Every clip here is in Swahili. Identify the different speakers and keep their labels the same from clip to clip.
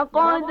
Speaker 1: لقد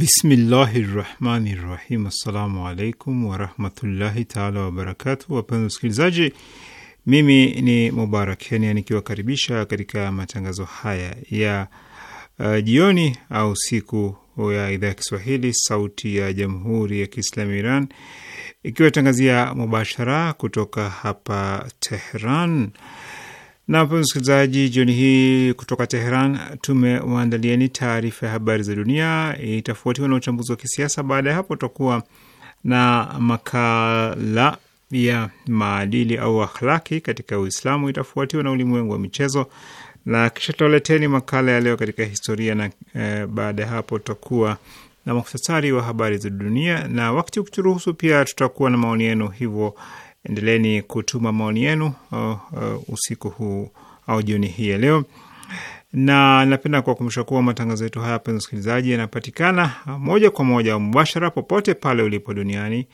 Speaker 2: Bismillahi rahmani rahim. Assalamu alaikum warahmatullahi taala wabarakatu. Wapenzi wasikilizaji, mimi ni Mubarak Kenya nikiwakaribisha katika matangazo haya ya uh, jioni au siku ya idhaa ya Kiswahili sauti ya jamhuri ya Kiislamu Iran ikiwatangazia mubashara kutoka hapa Tehran. Na mpenzi msikilizaji, jioni hii kutoka Teheran tumewaandalieni taarifa ya habari za dunia, itafuatiwa na uchambuzi wa kisiasa. Baada ya hapo, tutakuwa na makala ya maadili au akhlaki katika Uislamu, itafuatiwa na ulimwengu wa michezo na kisha tutawaleteni makala ya leo katika historia, na e, baada ya hapo tutakuwa na muhtasari wa habari za dunia, na wakati ukituruhusu pia tutakuwa na maoni yenu, hivyo Endeleni kutuma maoni yenu uh, uh, usiku huu au jioni hii ya leo, na napenda kuwakumbusha kuwa matangazo yetu haya, penza msikilizaji, yanapatikana moja kwa moja mubashara popote pale ulipo duniani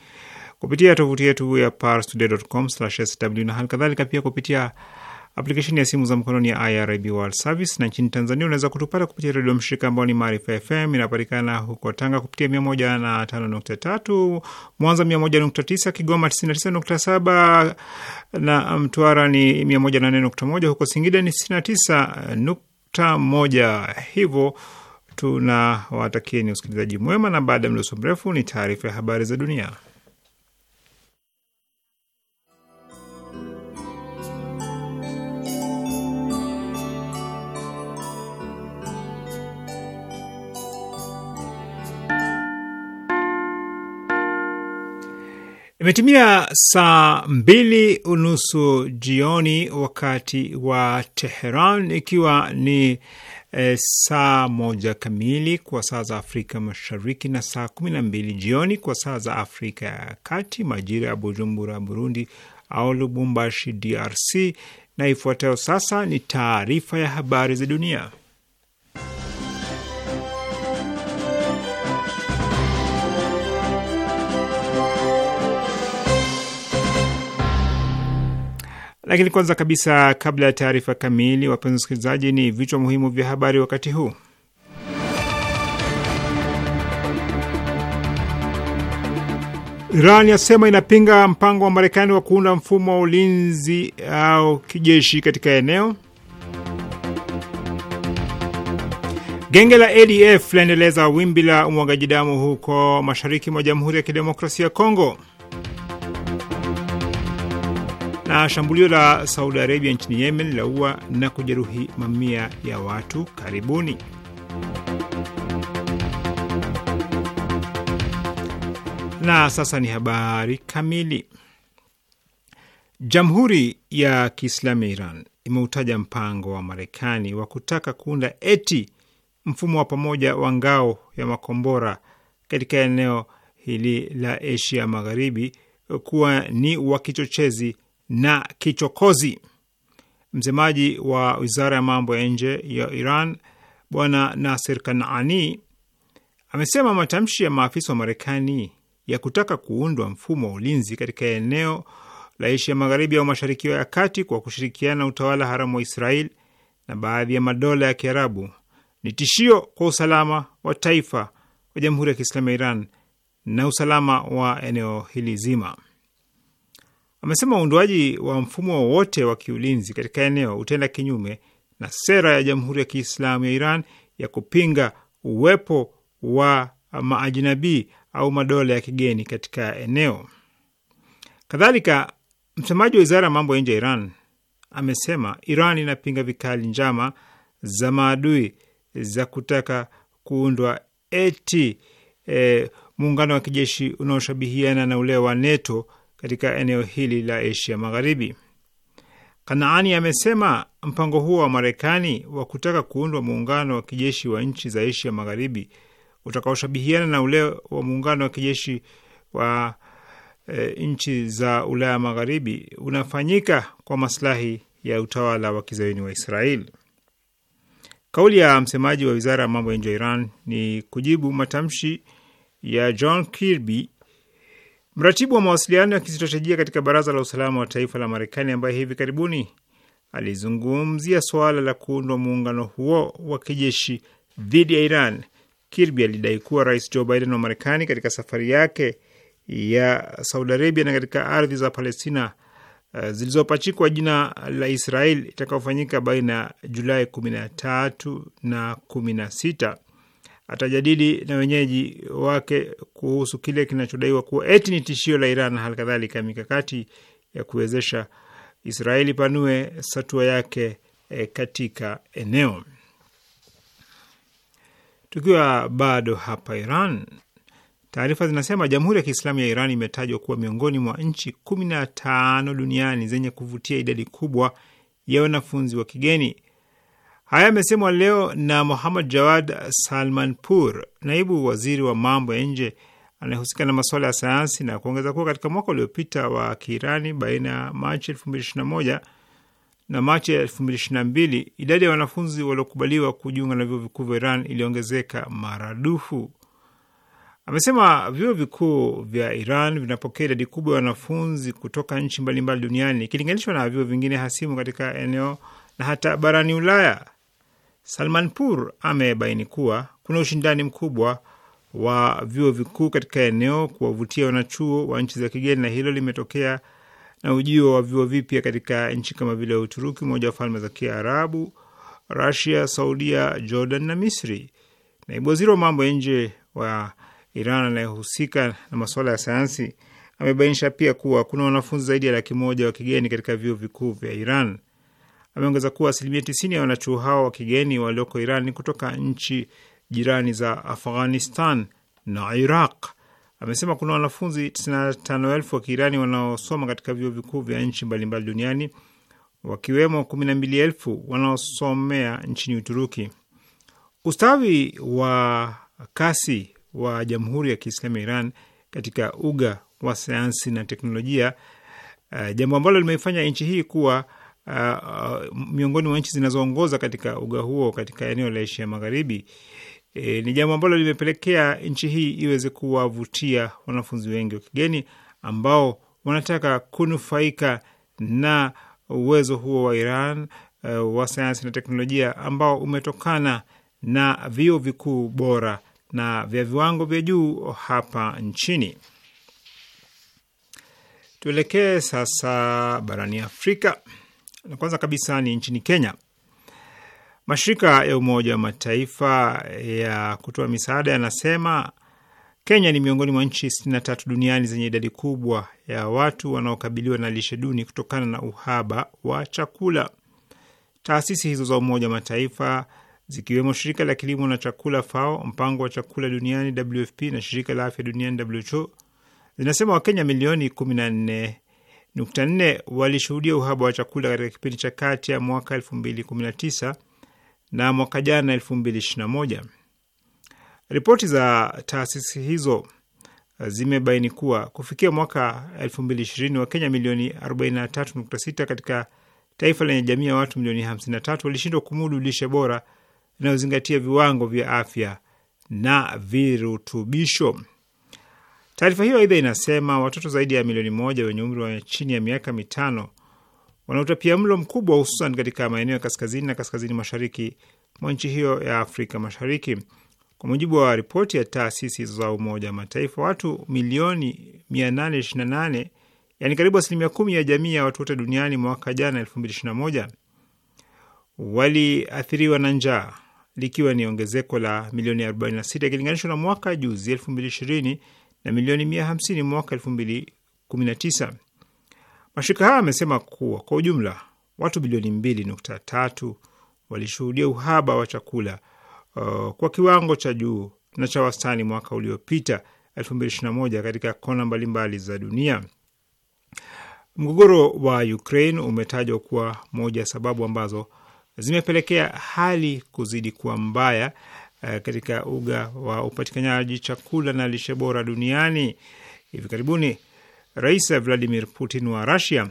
Speaker 2: kupitia tovuti yetu ya parstoday.com/sw na hali kadhalika pia kupitia aplikesheni ya simu za mkononi ya IRIB World Service, na nchini Tanzania unaweza kutupata kupitia redio mshirika ambao ni Maarifa FM, inapatikana huko Tanga kupitia 105.3, Mwanza 101.9, Kigoma 99.7 na Mtwara ni 108.1, huko Singida ni 99.1. Hivyo tunawatakieni usikilizaji mwema, na baada ya mdoso mrefu ni taarifa ya habari za dunia. Imetimia saa mbili unusu jioni wakati wa Teheran, ikiwa ni e, saa moja kamili kwa saa za Afrika Mashariki na saa kumi na mbili jioni kwa saa za Afrika ya Kati, majira ya Bujumbura, Burundi au Lubumbashi, DRC. Na ifuatayo sasa ni taarifa ya habari za dunia. Lakini kwanza kabisa, kabla ya taarifa kamili, wapenzi wasikilizaji, ni vichwa muhimu vya habari wakati huu. Iran yasema inapinga mpango wa Marekani wa kuunda mfumo wa ulinzi au kijeshi katika eneo. Genge la ADF laendeleza wimbi la umwagaji damu huko mashariki mwa Jamhuri ya Kidemokrasia ya Kongo na shambulio la Saudi Arabia nchini Yemen laua na kujeruhi mamia ya watu. Karibuni. Na sasa ni habari kamili. Jamhuri ya Kiislamu ya Iran imeutaja mpango wa Marekani wa kutaka kuunda eti mfumo wa pamoja wa ngao ya makombora katika eneo hili la Asia Magharibi kuwa ni wa kichochezi na kichokozi. Msemaji wa wizara ya mambo ya nje ya Iran Bwana Nasir Kanaani amesema matamshi ya maafisa wa Marekani ya kutaka kuundwa mfumo wa ulinzi katika eneo la Asia Magharibi au Mashariki ya Kati kwa kushirikiana na utawala haramu wa Israel na baadhi ya madola ya Kiarabu ni tishio kwa usalama wa taifa wa Jamhuri ya Kiislamu ya Iran na usalama wa eneo hili zima. Amesema uundwaji wa mfumo wowote wa kiulinzi katika eneo utaenda kinyume na sera ya Jamhuri ya Kiislamu ya Iran ya kupinga uwepo wa maajinabii au madola ya kigeni katika eneo. Kadhalika, msemaji wa wizara ya mambo ya nje ya Iran amesema Iran inapinga vikali njama za maadui za kutaka kuundwa eti e, muungano wa kijeshi unaoshabihiana na ule wa NATO katika eneo hili la Asia Magharibi. Kanaani amesema mpango huo wa Marekani wa kutaka kuundwa muungano wa kijeshi wa nchi za Asia Magharibi utakaoshabihiana na ule wa muungano wa kijeshi wa e, nchi za Ulaya Magharibi unafanyika kwa maslahi ya utawala wa kizayuni wa Israeli. Kauli ya msemaji wa wizara ya mambo ya nje ya Iran ni kujibu matamshi ya John Kirby, Mratibu wa mawasiliano ya kistratejia katika Baraza la Usalama wa Taifa la Marekani, ambaye hivi karibuni alizungumzia suala la kuundwa muungano huo wa kijeshi dhidi ya Iran, Kirby alidai kuwa Rais Joe Biden wa Marekani katika safari yake ya Saudi Arabia na katika ardhi za Palestina uh, zilizopachikwa jina la Israel itakayofanyika baina ya Julai 13 na atajadili na wenyeji wake kuhusu kile kinachodaiwa kuwa eti ni tishio la Iran na halikadhalika mikakati ya kuwezesha Israeli panue satua yake e, katika eneo. Tukiwa bado hapa Iran, taarifa zinasema Jamhuri ya Kiislamu ya Iran imetajwa kuwa miongoni mwa nchi kumi na tano duniani zenye kuvutia idadi kubwa ya wanafunzi wa kigeni. Haya yamesemwa leo na Muhammad Jawad Salmanpur, naibu waziri wa mambo ya nje anayehusika na masuala ya sayansi, na kuongeza kuwa katika mwaka uliopita wa Kiirani baina ya Machi 2021 na Machi 2022 idadi ya wanafunzi waliokubaliwa kujiunga na vyuo vikuu vya Iran iliongezeka maradufu. Amesema vyuo vikuu vya Iran vinapokea idadi kubwa ya wanafunzi kutoka nchi mbalimbali duniani ikilinganishwa na vyuo vingine hasimu katika eneo na hata barani Ulaya. Pur amebaini kuwa kuna ushindani mkubwa wa vyuo vikuu katika eneo kuwavutia wanachuo wa nchi za kigeni, na hilo limetokea na ujio wa vyuo vipya katika nchi kama vile Uturuki, Umoja wa Falme za Kiarabu, Rusia, Saudia, Jordan na Misri. Naibu waziri wa mambo ya nje wa Iran anayehusika na masuala ya sayansi amebainisha pia kuwa kuna wanafunzi zaidi ya laki moja wa kigeni katika vyuo vikuu vya Iran. Ameongeza kuwa asilimia tisini ya wanachuo hao wa kigeni walioko Iran ni kutoka nchi jirani za Afghanistan na Iraq. Amesema kuna wanafunzi 95,000 wa Kiirani wanaosoma katika vyuo vikuu vya nchi mbalimbali duniani wakiwemo 12,000 wanaosomea nchini Uturuki. Ustawi wa kasi wa Jamhuri ya Kiislamu ya Iran katika uga wa sayansi na teknolojia, uh, jambo ambalo limeifanya nchi hii kuwa Uh, uh, miongoni mwa nchi zinazoongoza katika uga huo katika eneo la Asia Magharibi. E, ni jambo ambalo limepelekea nchi hii iweze kuwavutia wanafunzi wengi wa kigeni ambao wanataka kunufaika na uwezo huo wa Iran uh, wa sayansi na teknolojia ambao umetokana na vyuo vikuu bora na vya viwango vya juu hapa nchini. Tuelekee sasa barani Afrika na kwanza kabisa ni nchini Kenya. Mashirika ya Umoja wa Mataifa ya kutoa misaada yanasema Kenya ni miongoni mwa nchi 63 duniani zenye idadi kubwa ya watu wanaokabiliwa na lishe duni kutokana na uhaba wa chakula. Taasisi hizo za Umoja wa Mataifa zikiwemo shirika la kilimo na chakula FAO, mpango wa chakula duniani WFP na shirika la afya duniani WHO zinasema Wakenya milioni 14 nukta nne walishuhudia uhaba wa chakula katika kipindi cha kati ya mwaka elfu mbili kumi na tisa na mwaka jana elfu mbili ishirini na moja. Ripoti za taasisi hizo eh, zimebaini kuwa kufikia mwaka elfu mbili ishirini Wakenya milioni 43.6 katika taifa lenye jamii ya watu milioni 53 walishindwa kumudu lishe bora inayozingatia viwango vya afya na virutubisho. Taarifa hiyo aidha inasema watoto zaidi ya milioni moja wenye umri wa chini ya miaka mitano wana utapia mlo mkubwa, hususan katika maeneo ya kaskazini na kaskazini mashariki mwa nchi hiyo ya Afrika Mashariki. Kwa mujibu wa ripoti ya taasisi za Umoja wa Mataifa, watu milioni 828 yani karibu asilimia kumi ya jamii ya watu wote duniani mwaka jana 2021 waliathiriwa na njaa, likiwa ni ongezeko la milioni 46 ikilinganishwa na mwaka juzi 2020 na milioni 150 mwaka 2019. Mashirika haya amesema kuwa kwa ujumla watu bilioni 2.3 walishuhudia uhaba wa chakula uh, kwa kiwango cha juu na cha wastani mwaka uliopita 2021 katika kona mbalimbali za dunia. Mgogoro wa Ukraine umetajwa kuwa moja ya sababu ambazo zimepelekea hali kuzidi kuwa mbaya Eh, katika uga wa upatikanaji chakula na lishe bora duniani. Hivi karibuni Rais Vladimir Putin wa Rusia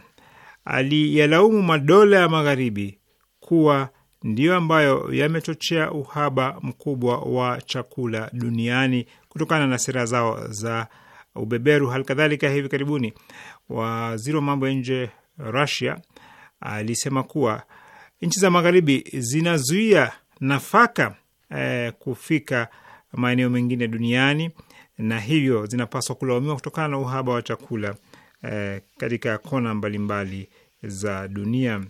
Speaker 2: aliyalaumu madola ya magharibi kuwa ndiyo ambayo yamechochea uhaba mkubwa wa chakula duniani kutokana na sera zao za ubeberu. Halikadhalika, hivi karibuni waziri wa mambo ya nje Rusia alisema kuwa nchi za magharibi zinazuia nafaka eh, kufika maeneo mengine duniani na hivyo zinapaswa kulaumiwa kutokana na uhaba wa chakula eh, katika kona mbalimbali za dunia.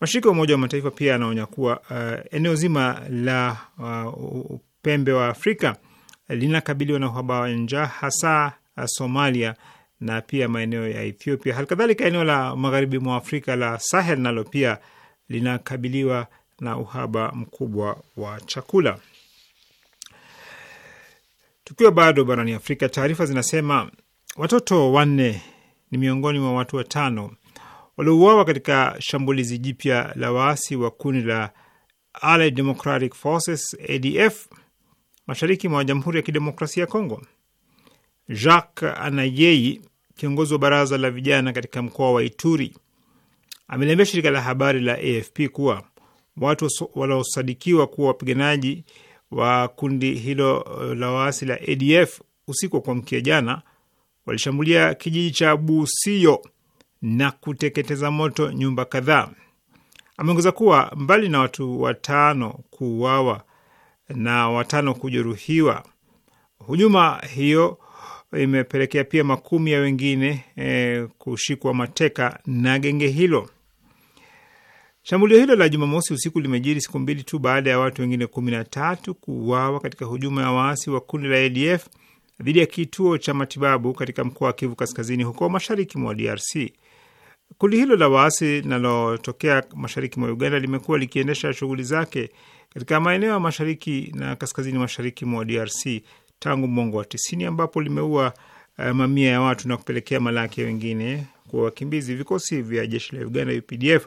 Speaker 2: Mashirika ya Umoja wa Mataifa pia yanaonya kuwa uh, eneo zima la uh, upembe wa Afrika linakabiliwa na uhaba wa njaa hasa uh, Somalia na pia maeneo ya Ethiopia. Halikadhalika, eneo la magharibi mwa Afrika la Sahel nalo pia linakabiliwa na uhaba mkubwa wa chakula. Tukiwa bado barani Afrika, taarifa zinasema watoto wanne ni miongoni mwa watu watano waliouawa katika shambulizi jipya la waasi wa kundi la Allied Democratic Forces ADF mashariki mwa Jamhuri ya Kidemokrasia ya Kongo. Jacques Anayei, kiongozi wa baraza la vijana katika mkoa wa Ituri, ameliambia shirika la habari la AFP kuwa watu waliosadikiwa kuwa wapiganaji wa kundi hilo uh, la waasi la ADF usiku wa kuamkia jana walishambulia kijiji cha Busio na kuteketeza moto nyumba kadhaa. Ameongeza kuwa mbali na watu watano kuuawa na watano kujeruhiwa, hujuma hiyo imepelekea pia makumi ya wengine e, kushikwa mateka na genge hilo. Shambulio hilo la Jumamosi usiku limejiri siku mbili tu baada ya watu wengine kumi na tatu kuuawa katika hujuma ya waasi wa kundi la ADF dhidi ya kituo cha matibabu katika mkoa wa Kivu Kaskazini, huko mashariki mwa DRC. Kundi hilo la waasi linalotokea mashariki mwa Uganda limekuwa likiendesha shughuli zake katika maeneo ya mashariki na kaskazini mashariki mwa DRC tangu mwongo wa tisini, ambapo limeua uh, mamia ya watu na kupelekea malaki wengine kuwa wakimbizi. Vikosi vya jeshi la Uganda UPDF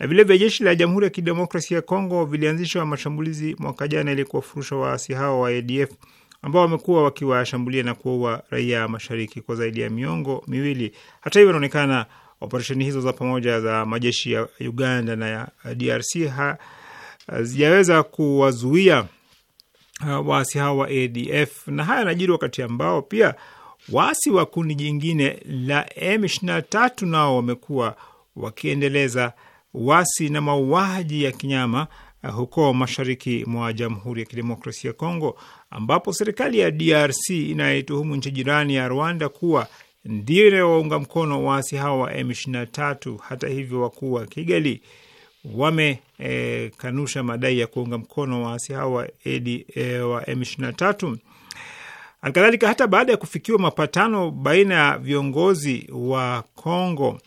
Speaker 2: na vilevile jeshi la Jamhuri ya Kidemokrasia ya Kongo vilianzishwa mashambulizi mwaka jana ili kuwafurusha waasi hao wa ADF ambao wamekuwa wakiwashambulia na kuwaua raia mashariki kwa zaidi ya miongo miwili. Hata hivyo, inaonekana operesheni hizo za pamoja za majeshi ya Uganda na ya DRC hazijaweza kuwazuia uh, waasi hao wa ADF, na haya yanajiri wakati ambao pia waasi wa kundi jingine la M23 nao wamekuwa wakiendeleza wasi na mauaji ya kinyama uh, huko mashariki mwa Jamhuri ya Kidemokrasia ya Kongo, ambapo serikali ya DRC inayetuhumu nchi jirani ya Rwanda kuwa ndiyo inayowaunga mkono waasi hawa wa M23. Hata hivyo, wakuu wa Kigali wamekanusha eh, e, madai ya kuunga mkono waasi hawa wa, e, wa M23. Halikadhalika, hata baada ya kufikiwa mapatano baina ya viongozi wa Kongo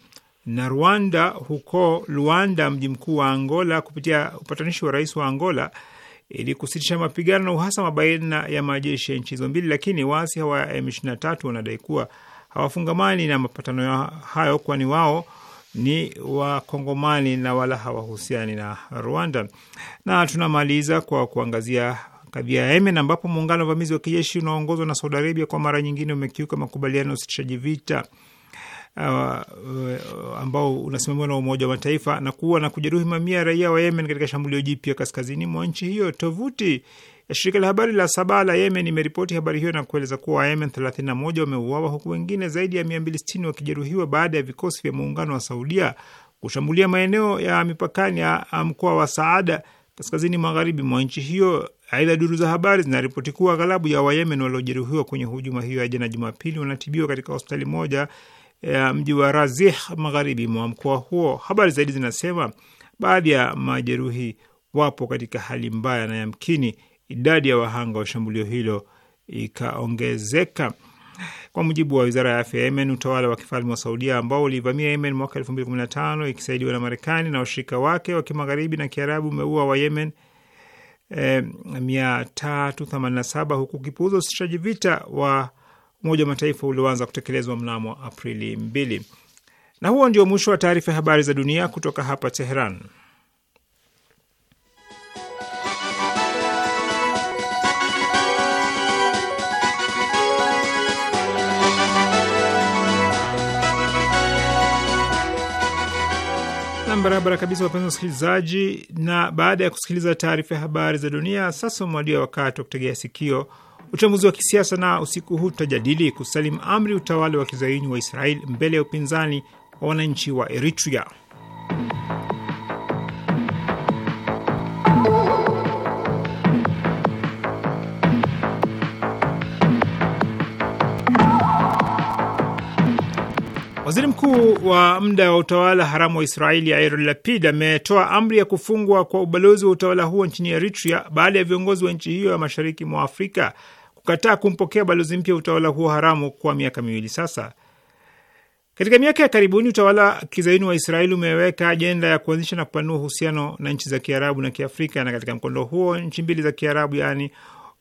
Speaker 2: na Rwanda huko Luanda, mji mkuu wa Angola, kupitia upatanishi wa rais wa Angola ili kusitisha mapigano na uhasama baina ya majeshi ya nchi hizo mbili, lakini waasi hawa ya M23 wanadai kuwa hawafungamani na mapatano hayo, kwani wao ni Wakongomani na wala hawahusiani na Rwanda. Na tunamaliza kwa kuangazia kadhia ya Yemen ambapo muungano wa vamizi wa kijeshi unaoongozwa na Saudi Arabia kwa mara nyingine umekiuka makubaliano ya usitishaji vita uh, ambao unasimamiwa na Umoja wa Mataifa na kuwa na kujeruhi mamia raia wa Yemen katika shambulio jipya kaskazini mwa nchi hiyo. Tovuti ya shirika la habari la Saba la Yemen imeripoti habari hiyo na kueleza kuwa Wayemen 31 wameuawa huku wengine zaidi ya 260 wakijeruhiwa baada ya vikosi vya muungano wa Saudia kushambulia maeneo ya mipakani ya mkoa wa Saada kaskazini magharibi mwa nchi hiyo. Aidha, duru za habari zinaripoti kuwa ghalabu ya Wayemen waliojeruhiwa kwenye hujuma hiyo ya jana Jumapili wanatibiwa katika hospitali moja ya mji wa Razih magharibi mwa mkoa huo. Habari zaidi zinasema baadhi ya majeruhi wapo katika hali mbaya na yamkini idadi ya wahanga wa shambulio hilo ikaongezeka. Kwa mujibu wa wizara ya afya ya Yemen, utawala wa kifalme wa Saudia ambao ulivamia Yemen mwaka 2015 ikisaidiwa na Marekani na washirika wake wa kimagharibi na Kiarabu umeua wa Yemen eh, 387 huku ukipuuza usitishaji vita wa Umoja wa Mataifa ulioanza kutekelezwa mnamo Aprili mbili. Na huo ndio mwisho wa taarifa ya habari za dunia kutoka hapa Teheran. Barabara kabisa, wapenzi wasikilizaji, na baada ya kusikiliza taarifa ya habari za dunia, sasa umewadia wakati wa kutegea sikio Uchambuzi wa kisiasa na usiku huu tutajadili kusalimu amri utawala wa kizaini wa Israel mbele ya upinzani wa wananchi wa Eritrea. Waziri mkuu wa muda wa utawala haramu wa Israeli Yair Lapid ametoa amri ya kufungwa kwa ubalozi wa utawala huo nchini Eritrea baada ya viongozi wa nchi hiyo ya mashariki mwa Afrika kukataa kumpokea balozi mpya utawala huo haramu kwa miaka miwili sasa. Katika miaka ya karibuni utawala kizaini wa Israeli umeweka ajenda ya kuanzisha na kupanua uhusiano na nchi za Kiarabu na Kiafrika, na katika mkondo huo nchi mbili za Kiarabu, yaani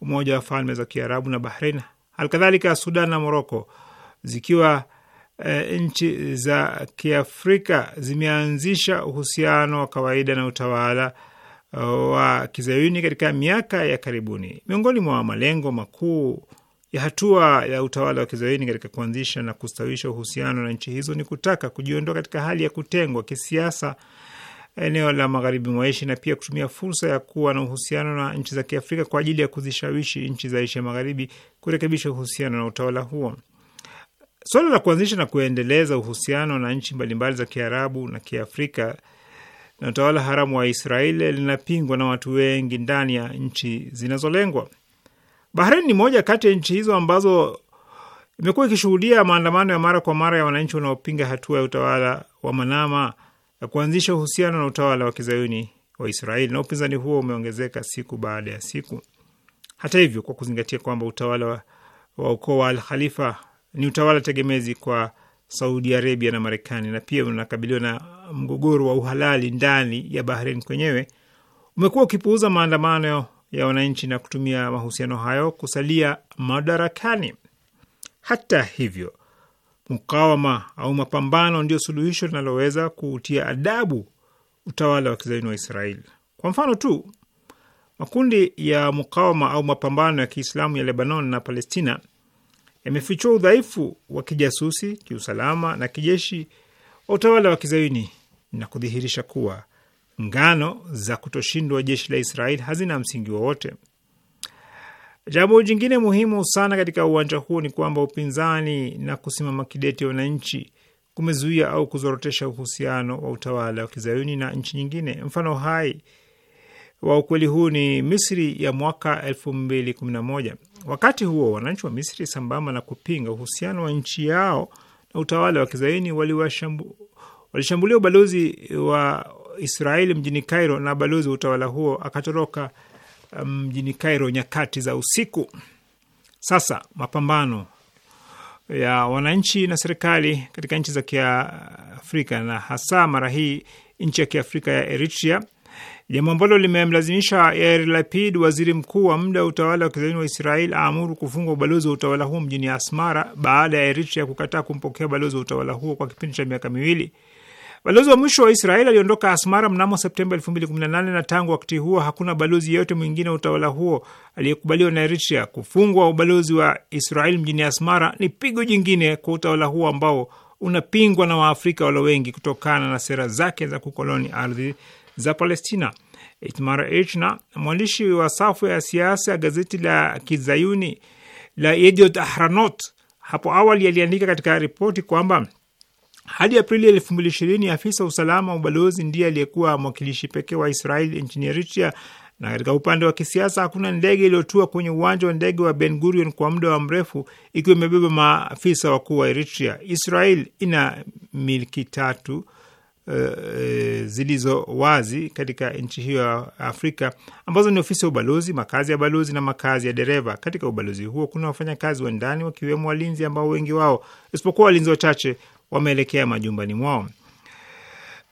Speaker 2: Umoja wa Falme za Kiarabu na Bahrain, halikadhalika Sudan na Moroko zikiwa e, nchi za Kiafrika zimeanzisha uhusiano wa kawaida na utawala wa kizayuni katika miaka ya karibuni. Miongoni mwa malengo makuu ya hatua ya utawala wa kizayuni katika kuanzisha na kustawisha uhusiano na nchi hizo ni kutaka kujiondoa katika hali ya kutengwa kisiasa eneo la magharibi mwaishi na pia kutumia fursa ya kuwa na uhusiano na nchi za Kiafrika kwa ajili ya kuzishawishi nchi za Asia Magharibi kurekebisha uhusiano na utawala huo. Suala la kuanzisha na kuendeleza uhusiano na nchi mbalimbali za Kiarabu na Kiafrika na utawala haramu wa Israeli linapingwa na watu wengi ndani ya nchi zinazolengwa. Bahrain ni moja kati ya nchi hizo ambazo imekuwa ikishuhudia maandamano ya mara kwa mara ya wananchi wanaopinga hatua ya utawala wa Manama ya kuanzisha uhusiano na utawala wa kizayuni wa Israeli, na upinzani huo umeongezeka siku baada ya siku. Hata hivyo, kwa kuzingatia kwamba utawala wa ukoo wa Al Khalifa ni utawala tegemezi kwa Saudi Arabia na Marekani, na pia unakabiliwa na mgogoro wa uhalali ndani ya Bahrain kwenyewe, umekuwa ukipuuza maandamano ya wananchi na kutumia mahusiano hayo kusalia madarakani. Hata hivyo, mukawama au mapambano ndio suluhisho linaloweza kuutia adabu utawala wa kizayuni wa Israeli. Kwa mfano tu, makundi ya mukawama au mapambano ya Kiislamu ya Lebanon na Palestina yamefichua udhaifu wa kijasusi, kiusalama na kijeshi wa utawala wa kizayuni na kudhihirisha kuwa ngano za kutoshindwa jeshi la Israel hazina msingi wowote. Jambo jingine muhimu sana katika uwanja huo ni kwamba upinzani na kusimama kidete wananchi kumezuia au kuzorotesha uhusiano wa utawala wa kizayuni na nchi nyingine. Mfano hai wa ukweli huu ni Misri ya mwaka 2011. Wakati huo wananchi wa Misri sambamba na kupinga uhusiano wa nchi yao na utawala wa kizaini walishambulia ubalozi wa Israeli mjini Cairo na balozi wa utawala huo akatoroka um, mjini Cairo nyakati za usiku. Sasa mapambano ya wananchi na serikali katika nchi za Kiafrika na hasa mara hii nchi ya Kiafrika ya Eritrea jambo ambalo limemlazimisha Yair Lapid, waziri mkuu wa muda wa utawala wa kizayuni wa Israel, aamuru kufungwa ubalozi wa utawala huo mjini Asmara baada ya Eritrea kukataa kumpokea balozi wa utawala huo kwa kipindi cha miaka miwili. Balozi wa mwisho wa Israel aliondoka Asmara mnamo Septemba 2018 na tangu wakati huo hakuna balozi yeyote mwingine wa utawala huo aliyekubaliwa na Eritrea. Kufungwa ubalozi wa Israel mjini Asmara ni pigo jingine kwa utawala huo ambao unapingwa na Waafrika walo wengi kutokana na sera zake za kukoloni ardhi za Palestina. Itmar Ejna, mwandishi wa safu ya siasa ya gazeti la kizayuni la Yediot Ahronot, hapo awali aliandika katika ripoti kwamba hadi Aprili 2020 afisa usalama wa ubalozi ndiye aliyekuwa mwakilishi pekee wa Israeli nchini Eritrea, na katika upande wa kisiasa hakuna ndege iliyotua kwenye uwanja wa ndege wa Ben Gurion kwa muda wa mrefu ikiwa imebeba maafisa wakuu wa Eritrea. Israel ina milki tatu e, zilizo wazi katika nchi hiyo ya Afrika ambazo ni ofisi ya ubalozi, makazi ya balozi na makazi ya dereva. Katika ubalozi huo kuna wafanyakazi wa ndani wakiwemo walinzi ambao wengi wao isipokuwa walinzi wachache wameelekea majumbani mwao.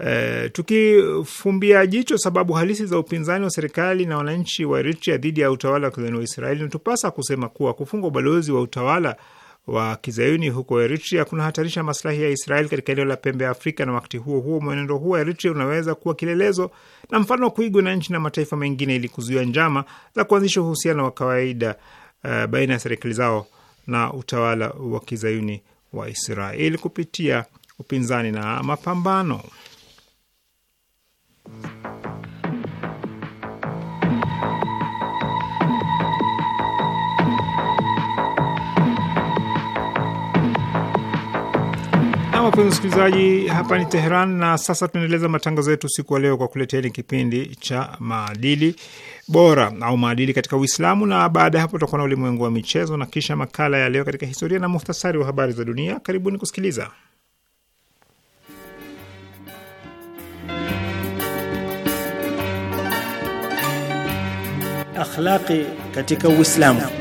Speaker 2: Uh, tukifumbia jicho sababu halisi za upinzani wa serikali na wananchi wa Eritrea dhidi ya utawala wa kizayuni wa Israeli, natupasa kusema kuwa kufungwa ubalozi wa utawala wa kizayuni huko Eritrea kunahatarisha maslahi ya Israel katika eneo la pembe ya Afrika, na wakati huo huo mwenendo huo Eritrea unaweza kuwa kilelezo na mfano wa kuigwa na nchi na mataifa mengine ili kuzuia njama za kuanzisha uhusiano wa kawaida uh, baina ya serikali zao na utawala wa kizayuni wa Israel kupitia upinzani na mapambano. wapenzi msikilizaji, hapa ni Teheran na sasa tunaendeleza matangazo yetu siku wa leo kwa kuleteni kipindi cha maadili bora au maadili katika Uislamu, na baada ya hapo tutakuwa na ulimwengu wa michezo na kisha makala ya leo katika historia na muhtasari wa habari za dunia. Karibuni kusikiliza. Akhlaqi
Speaker 3: katika Uislamu.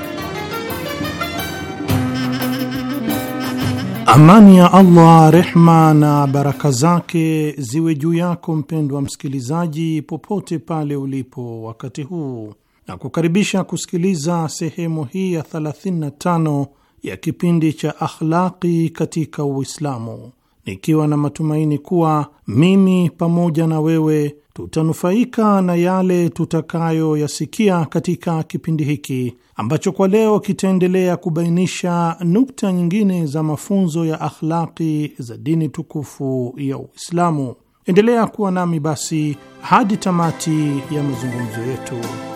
Speaker 4: Amani ya Allah, rehma na baraka zake ziwe juu yako mpendwa msikilizaji, popote pale ulipo wakati huu, na kukaribisha kusikiliza sehemu hii ya 35 ya kipindi cha Akhlaqi katika Uislamu, nikiwa na matumaini kuwa mimi pamoja na wewe tutanufaika na yale tutakayoyasikia katika kipindi hiki ambacho kwa leo kitaendelea kubainisha nukta nyingine za mafunzo ya akhlaki za dini tukufu ya Uislamu. Endelea kuwa nami basi hadi tamati ya mazungumzo yetu.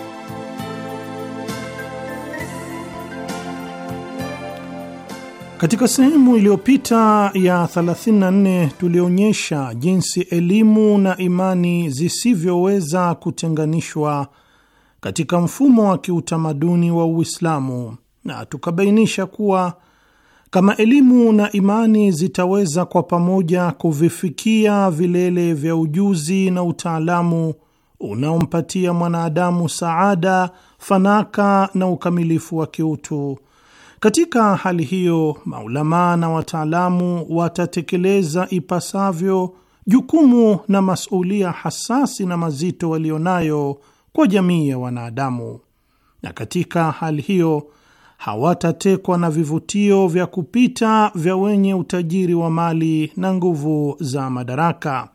Speaker 4: Katika sehemu iliyopita ya 34 tulionyesha jinsi elimu na imani zisivyoweza kutenganishwa katika mfumo wa kiutamaduni wa Uislamu, na tukabainisha kuwa kama elimu na imani zitaweza kwa pamoja kuvifikia vilele vya ujuzi na utaalamu unaompatia mwanadamu saada, fanaka na ukamilifu wa kiutu katika hali hiyo, maulamaa na wataalamu watatekeleza ipasavyo jukumu na masulia hasasi na mazito walionayo kwa jamii ya wanadamu, na katika hali hiyo hawatatekwa na vivutio vya kupita vya wenye utajiri wa mali na nguvu za madaraka,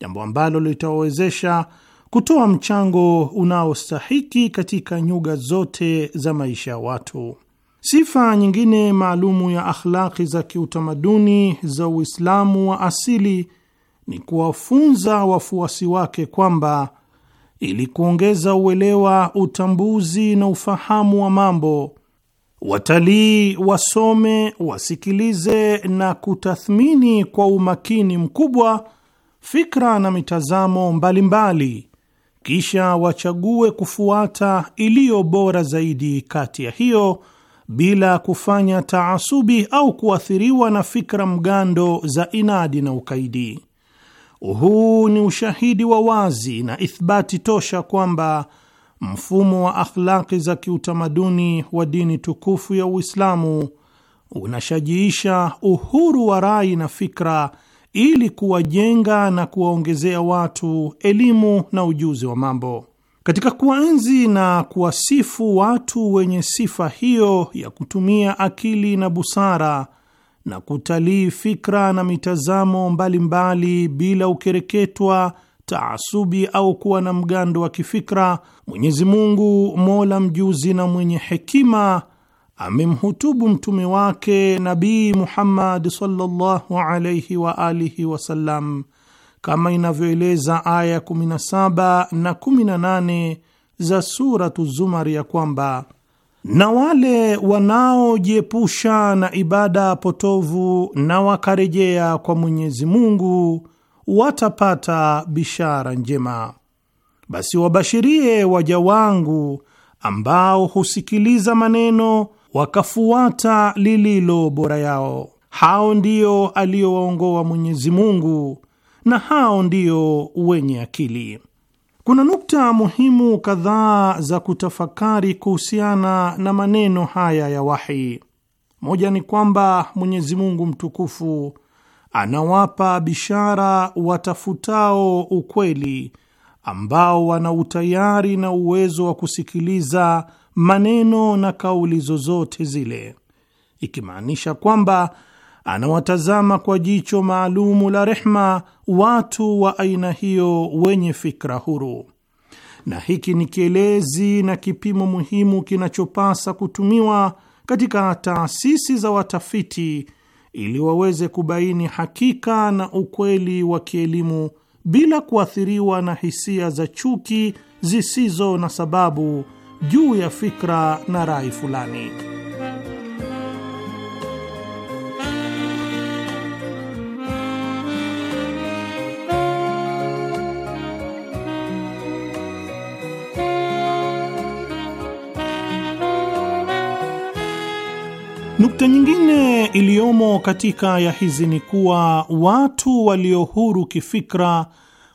Speaker 4: jambo ambalo litawawezesha kutoa mchango unaostahiki katika nyuga zote za maisha ya watu. Sifa nyingine maalumu ya akhlaki za kiutamaduni za Uislamu wa asili ni kuwafunza wafuasi wake kwamba ili kuongeza uelewa, utambuzi na ufahamu wa mambo, watalii wasome, wasikilize na kutathmini kwa umakini mkubwa fikra na mitazamo mbalimbali mbali, kisha wachague kufuata iliyo bora zaidi kati ya hiyo bila kufanya taasubi au kuathiriwa na fikra mgando za inadi na ukaidi. Huu ni ushahidi wa wazi na ithbati tosha kwamba mfumo wa akhlaki za kiutamaduni wa dini tukufu ya Uislamu unashajiisha uhuru wa rai na fikra ili kuwajenga na kuwaongezea watu elimu na ujuzi wa mambo. Katika kuwaenzi na kuwasifu watu wenye sifa hiyo ya kutumia akili na busara na kutalii fikra na mitazamo mbalimbali mbali bila ukereketwa, taasubi au kuwa na mgando wa kifikra, Mwenyezi Mungu Mola mjuzi na mwenye hekima amemhutubu mtume wake Nabii Muhammad sallallahu alayhi wa alihi wasallam kama inavyoeleza aya ya 17 na 18 za Suratu Zumari ya kwamba na wale wanaojiepusha na ibada potovu na wakarejea kwa Mwenyezi Mungu watapata bishara njema. Basi wabashirie waja wangu ambao husikiliza maneno wakafuata lililo bora yao. Hao ndio aliyowaongoa Mwenyezi Mungu na hao ndio wenye akili. Kuna nukta muhimu kadhaa za kutafakari kuhusiana na maneno haya ya wahi. Moja ni kwamba Mwenyezi Mungu mtukufu anawapa bishara watafutao ukweli ambao wana utayari na uwezo wa kusikiliza maneno na kauli zozote zile, ikimaanisha kwamba anawatazama kwa jicho maalumu la rehma watu wa aina hiyo wenye fikra huru, na hiki ni kielezi na kipimo muhimu kinachopasa kutumiwa katika taasisi za watafiti ili waweze kubaini hakika na ukweli wa kielimu bila kuathiriwa na hisia za chuki zisizo na sababu juu ya fikra na rai fulani. Nukta nyingine iliyomo katika aya hizi ni kuwa watu walio huru kifikra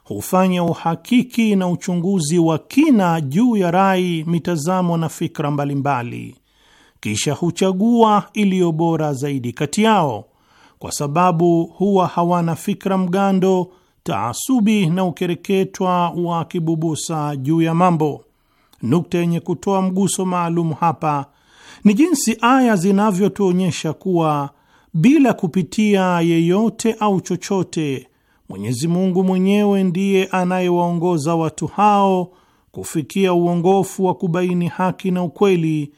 Speaker 4: hufanya uhakiki na uchunguzi wa kina juu ya rai, mitazamo na fikra mbalimbali mbali. Kisha huchagua iliyo bora zaidi kati yao, kwa sababu huwa hawana fikra mgando, taasubi na ukereketwa wa kibubusa juu ya mambo. Nukta yenye kutoa mguso maalum hapa ni jinsi aya zinavyotuonyesha kuwa bila kupitia yeyote au chochote, Mwenyezi Mungu mwenyewe ndiye anayewaongoza watu hao kufikia uongofu wa kubaini haki na ukweli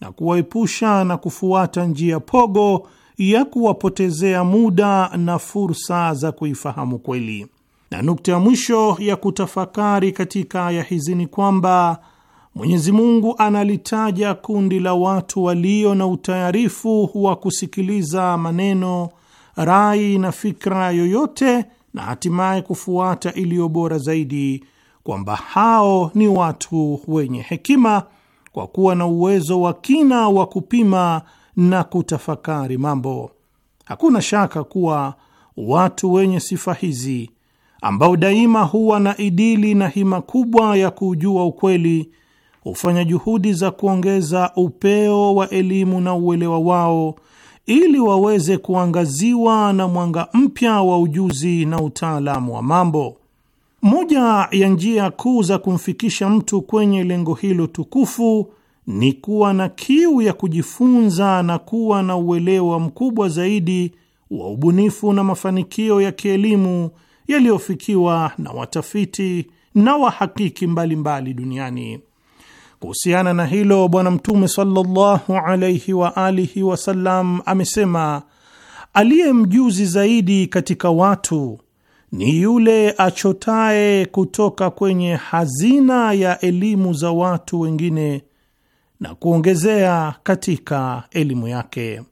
Speaker 4: na kuwaepusha na kufuata njia pogo ya kuwapotezea muda na fursa za kuifahamu kweli. Na nukta ya mwisho ya kutafakari katika aya hizi ni kwamba Mwenyezi Mungu analitaja kundi la watu walio na utayarifu wa kusikiliza maneno, rai na fikra yoyote na hatimaye kufuata iliyo bora zaidi, kwamba hao ni watu wenye hekima kwa kuwa na uwezo wa kina wa kupima na kutafakari mambo. Hakuna shaka kuwa watu wenye sifa hizi ambao daima huwa na idili na hima kubwa ya kujua ukweli hufanya juhudi za kuongeza upeo wa elimu na uelewa wao ili waweze kuangaziwa na mwanga mpya wa ujuzi na utaalamu wa mambo. Moja ya njia kuu za kumfikisha mtu kwenye lengo hilo tukufu ni kuwa na kiu ya kujifunza na kuwa na uelewa mkubwa zaidi wa ubunifu na mafanikio ya kielimu yaliyofikiwa na watafiti na wahakiki mbalimbali mbali duniani. Kuhusiana na hilo, Bwana Mtume sallallahu alaihi wa alihi wasallam amesema, aliye mjuzi zaidi katika watu ni yule achotae kutoka kwenye hazina ya elimu za watu wengine na kuongezea katika elimu yake.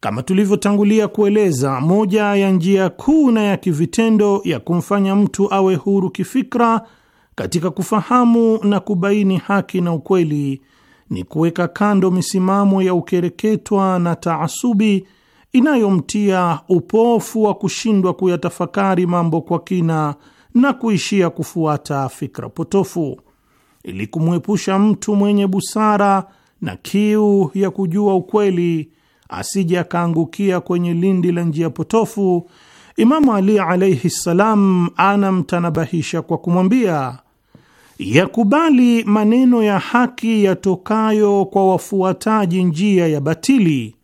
Speaker 4: Kama tulivyotangulia kueleza, moja ya njia kuu na ya kivitendo ya kumfanya mtu awe huru kifikra katika kufahamu na kubaini haki na ukweli ni kuweka kando misimamo ya ukereketwa na taasubi inayomtia upofu wa kushindwa kuyatafakari mambo kwa kina na kuishia kufuata fikra potofu. Ili kumwepusha mtu mwenye busara na kiu ya kujua ukweli asije akaangukia kwenye lindi la njia potofu, Imamu Ali alaihi ssalam anamtanabahisha kwa kumwambia yakubali maneno ya haki yatokayo kwa wafuataji njia ya batili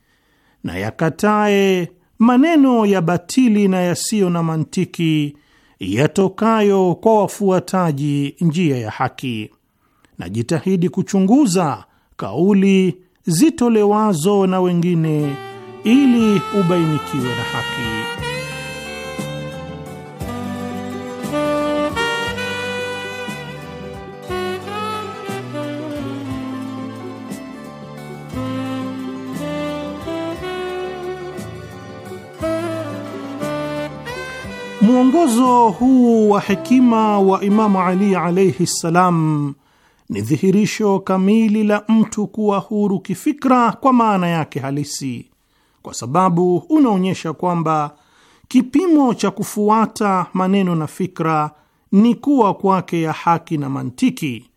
Speaker 4: na yakatae maneno ya batili na yasiyo na mantiki yatokayo kwa wafuataji njia ya haki, na jitahidi kuchunguza kauli zitolewazo na wengine ili ubainikiwe na haki. Mwongozo huu wa hekima wa Imamu Ali alaihi ssalam ni dhihirisho kamili la mtu kuwa huru kifikra kwa maana yake halisi, kwa sababu unaonyesha kwamba kipimo cha kufuata maneno na fikra ni kuwa kwake ya haki na mantiki,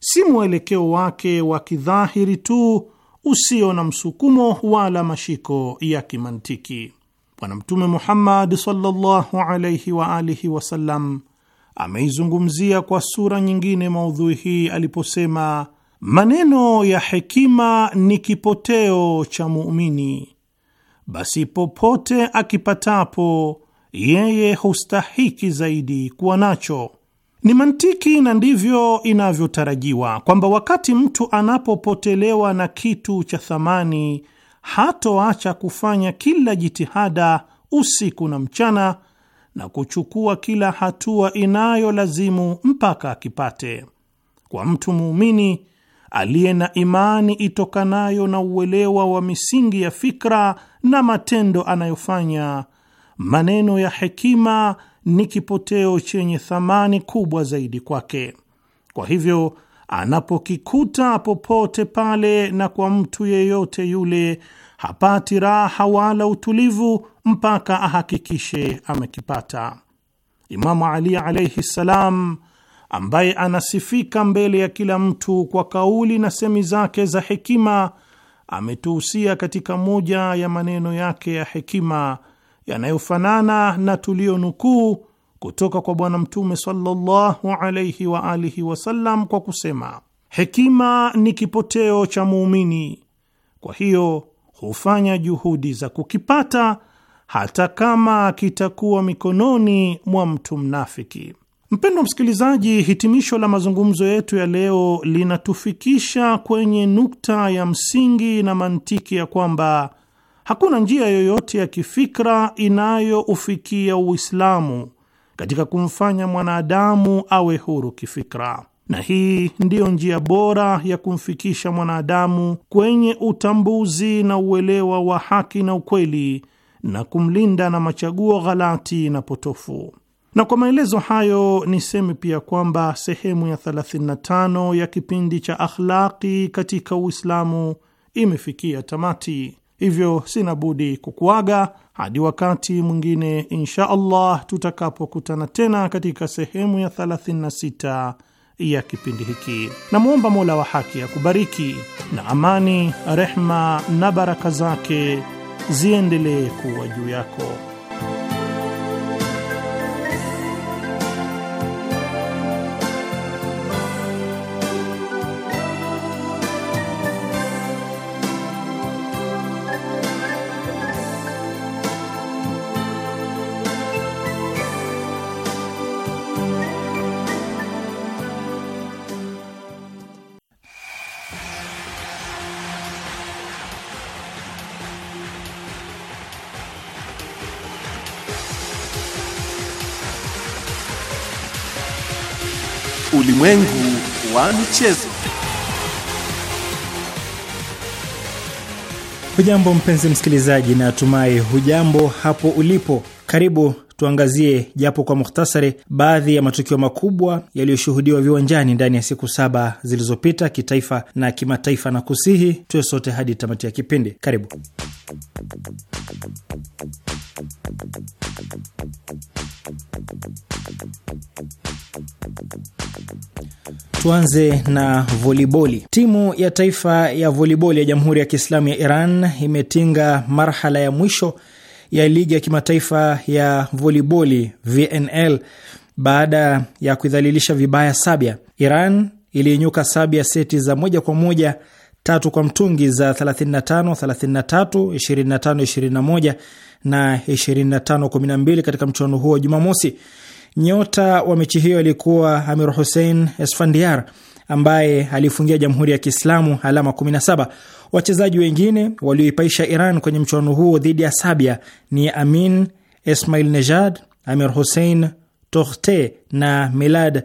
Speaker 4: si mwelekeo wake wa kidhahiri tu usio na msukumo wala mashiko ya kimantiki. Bwana Mtume Muhammad sallallahu alayhi wa alihi wasallam ameizungumzia kwa sura nyingine maudhui hii aliposema, maneno ya hekima ni kipoteo cha muumini, basi popote akipatapo yeye hustahiki zaidi kuwa nacho. Ni mantiki na ndivyo inavyotarajiwa kwamba wakati mtu anapopotelewa na kitu cha thamani hatoacha kufanya kila jitihada usiku na mchana na kuchukua kila hatua inayolazimu mpaka akipate. Kwa mtu muumini aliye na imani itokanayo na uelewa wa misingi ya fikra na matendo anayofanya, maneno ya hekima ni kipoteo chenye thamani kubwa zaidi kwake. Kwa hivyo anapokikuta popote pale na kwa mtu yeyote yule, hapati raha wala utulivu mpaka ahakikishe amekipata. Imamu Ali alaihi ssalam, ambaye anasifika mbele ya kila mtu kwa kauli na semi zake za hekima, ametuhusia katika moja ya maneno yake ya hekima yanayofanana na tuliyonukuu kutoka kwa Bwana Mtume sallallahu alaihi wa alihi wasallam kwa kusema, hekima ni kipoteo cha muumini, kwa hiyo hufanya juhudi za kukipata hata kama kitakuwa mikononi mwa mtu mnafiki. Mpendwa msikilizaji, hitimisho la mazungumzo yetu ya leo linatufikisha kwenye nukta ya msingi na mantiki ya kwamba hakuna njia yoyote ya kifikra inayoufikia Uislamu katika kumfanya mwanadamu awe huru kifikra, na hii ndiyo njia bora ya kumfikisha mwanadamu kwenye utambuzi na uelewa wa haki na ukweli na kumlinda na machaguo ghalati na potofu. Na kwa maelezo hayo niseme pia kwamba sehemu ya 35 ya kipindi cha akhlaqi katika Uislamu imefikia tamati. Hivyo sina budi kukuaga hadi wakati mwingine insha Allah, tutakapokutana tena katika sehemu ya 36 ya kipindi hiki. Namwomba Mola wa haki akubariki, na amani, rehma na baraka zake ziendelee kuwa juu yako.
Speaker 5: Ulimwengu wa michezo.
Speaker 3: Hujambo mpenzi msikilizaji, na atumai hujambo hapo ulipo. Karibu tuangazie japo kwa muhtasari baadhi ya matukio makubwa yaliyoshuhudiwa viwanjani ndani ya siku saba zilizopita kitaifa na kimataifa, na kusihi tuwe sote hadi tamati ya kipindi. Karibu. Tuanze na voliboli. Timu ya taifa ya voliboli ya Jamhuri ya Kiislamu ya Iran imetinga marhala ya mwisho ya ligi ya kimataifa ya voliboli VNL baada ya kuidhalilisha vibaya Sabia. Iran iliinyuka Sabia seti za moja kwa moja tatu kwa mtungi za 35 33 25 21 na 25 12 katika mchuano huo wa Jumamosi. Nyota wa mechi hiyo alikuwa Amir Hussein Esfandiar ambaye alifungia Jamhuri ya Kiislamu alama 17. Wachezaji wengine walioipaisha Iran kwenye mchuano huo dhidi ya Sabia ni Amin Esmail Nejad, Amir Hussein Tohte na Milad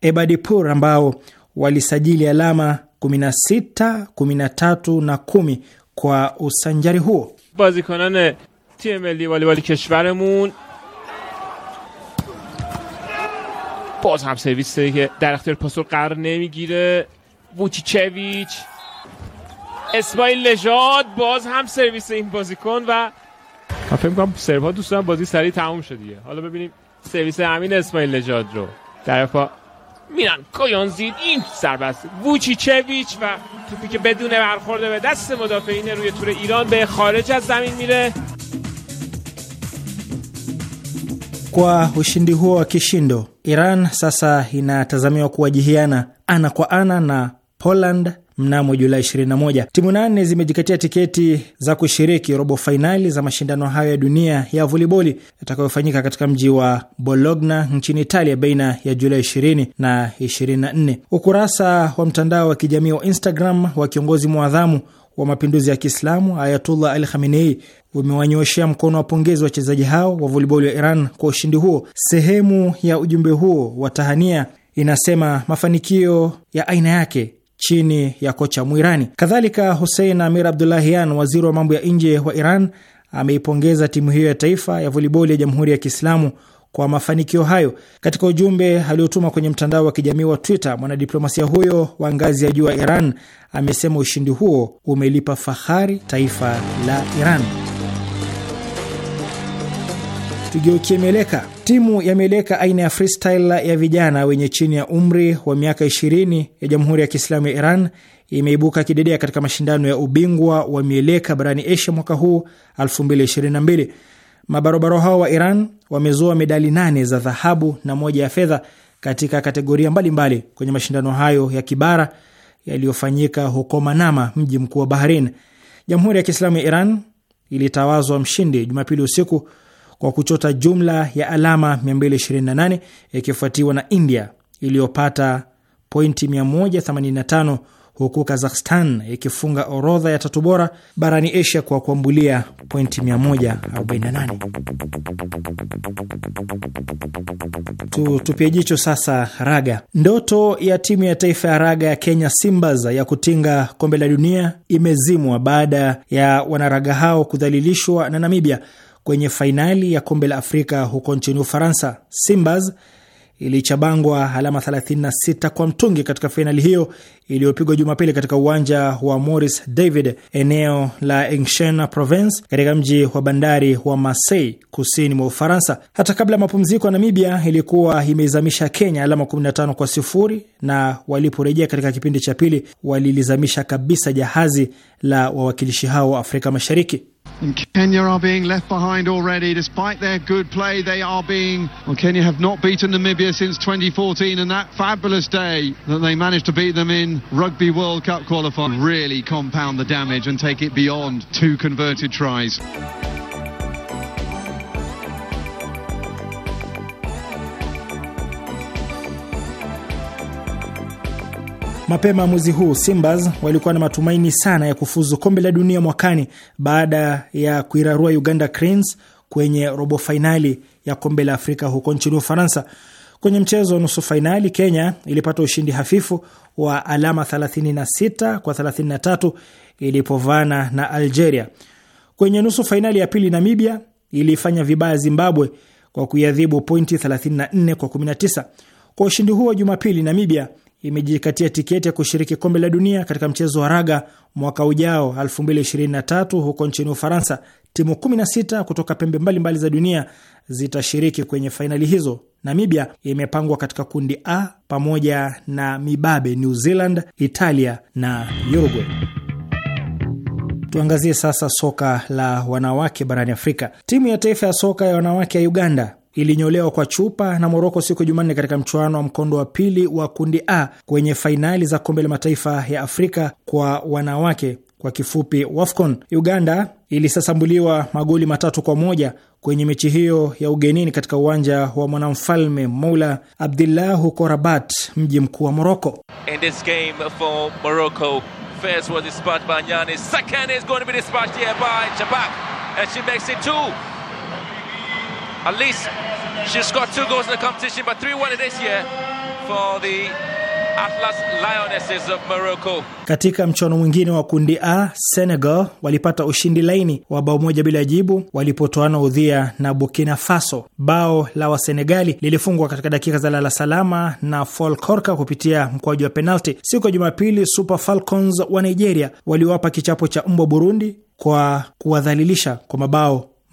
Speaker 3: Ebadipur ambao walisajili alama 16, 13 na 10 kwa usanjari huo.
Speaker 2: bazikonane تیم ملی والیبال کشورمون baz هم سرویس که dar اختیار پاسور قرار nemigire ووچیچویچ اسماعیل نژاد باز هم سرویس این بازیکن و من فکر می‌کنم ها دوست بازی سریع تموم شدیه دیگه حالا ببینیم سرویس همین اسماعیل نژاد رو در افا میرن کویانزید زید این سربست چویچ و توپی که بدون برخورده به دست مدافعین روی تور ایران به خارج از زمین میره
Speaker 3: Kwa ushindi huo wa kishindo, Iran sasa inatazamiwa kuwajihiana ana kwa ana na Poland mnamo Julai 21. Timu nane zimejikatia tiketi za kushiriki robo fainali za mashindano hayo ya dunia ya voliboli yatakayofanyika katika mji wa Bologna nchini Italia baina ya Julai 20 na 24. Ukurasa wa mtandao wa kijamii wa Instagram wa kiongozi mwadhamu wa mapinduzi ya Kiislamu Ayatullah al Khamenei umewanyoshea mkono wa pongezi wachezaji hao wa voliboli wa Iran kwa ushindi huo. Sehemu ya ujumbe huo wa tahania inasema mafanikio ya aina yake chini ya kocha Mwirani. Kadhalika, Hussein Amir Abdullahian, waziri wa mambo ya nje wa Iran, ameipongeza timu hiyo ya taifa ya voliboli ya Jamhuri ya Kiislamu kwa mafanikio hayo. Katika ujumbe aliotuma kwenye mtandao wa kijamii wa Twitter, mwanadiplomasia huyo wa ngazi ya juu wa Iran amesema ushindi huo umelipa fahari taifa la Iran. Tugeukie mieleka. Timu ya mieleka aina ya freestyle ya vijana wenye chini ya umri wa miaka 20 ya Jamhuri ya Kiislamu ya Iran imeibuka kidedea katika mashindano ya ubingwa wa mieleka barani Asia mwaka huu 2022. Mabarobaro hao wa Iran wamezoa medali nane za dhahabu na moja ya fedha katika kategoria mbalimbali mbali kwenye mashindano hayo ya kibara yaliyofanyika huko Manama, mji mkuu wa Bahrain. Jamhuri ya Kiislamu ya Iran ilitawazwa mshindi Jumapili usiku kwa kuchota jumla ya alama 228 ikifuatiwa na India iliyopata pointi 185 huku Kazakhstan ikifunga orodha ya tatu bora barani Asia kwa kuambulia pointi
Speaker 6: 148.
Speaker 3: Tupie jicho sasa raga. Ndoto ya timu ya taifa ya raga ya Kenya Simbas ya kutinga kombe la dunia imezimwa baada ya wanaraga hao kudhalilishwa na Namibia kwenye fainali ya kombe la Afrika huko nchini Ufaransa. Simbas ilichabangwa alama 36 kwa mtungi katika fainali hiyo iliyopigwa Jumapili katika uwanja wa Maurice David, eneo la Enchena province katika mji wa bandari wa Marseille, kusini mwa Ufaransa. Hata kabla ya mapumziko, Namibia ilikuwa imeizamisha Kenya alama 15 kwa sifuri, na waliporejea katika kipindi cha pili walilizamisha kabisa jahazi la wawakilishi hao wa Afrika Mashariki.
Speaker 1: And Kenya are being left behind already. Despite their good play, they are being. Well, Kenya have not beaten Namibia since 2014, and that fabulous day that they managed to beat them in Rugby World Cup qualifying really compound the damage and take it beyond two converted tries.
Speaker 3: Mapema mwezi huu Simbas walikuwa na matumaini sana ya kufuzu kombe la dunia mwakani baada ya kuirarua Uganda Cranes kwenye robo fainali ya kombe la Afrika huko nchini Ufaransa. Kwenye mchezo wa nusu fainali, Kenya ilipata ushindi hafifu wa alama 36 kwa 33 ilipovana na Algeria. Kwenye nusu fainali ya pili, Namibia ilifanya vibaya Zimbabwe kwa kuiadhibu pointi 34 kwa 19. Kwa ushindi huo Jumapili, Namibia imejikatia tiketi ya kushiriki kombe la dunia katika mchezo wa raga mwaka ujao 2023 huko nchini Ufaransa. Timu 16 kutoka pembe mbalimbali mbali za dunia zitashiriki kwenye fainali hizo. Namibia imepangwa katika kundi A pamoja na mibabe New Zealand, Italia na Uruguay. Tuangazie sasa soka la wanawake barani Afrika. Timu ya taifa ya soka ya wanawake ya Uganda ilinyolewa kwa chupa na Moroko siku ya Jumanne katika mchuano wa mkondo wa pili wa kundi A kwenye fainali za kombe la mataifa ya Afrika kwa wanawake kwa kifupi WAFCON. Uganda ilisasambuliwa magoli matatu kwa moja kwenye mechi hiyo ya ugenini katika uwanja wa mwanamfalme Moula abdullah huko Rabat, mji mkuu wa Moroko.
Speaker 7: At least she scored two goals in the competition, but 3-1 it is for the Atlas Lionesses of Morocco.
Speaker 3: Katika mchuano mwingine wa kundi A, Senegal walipata ushindi laini wa bao moja bila jibu walipotoana udhia na Burkina Faso. Bao la Wasenegali lilifungwa katika dakika za lala salama na Fall Korka kupitia mkwaju wa penalti. Siku ya Jumapili, Super Falcons wa Nigeria waliwapa kichapo cha mbwa Burundi kwa kuwadhalilisha kwa mabao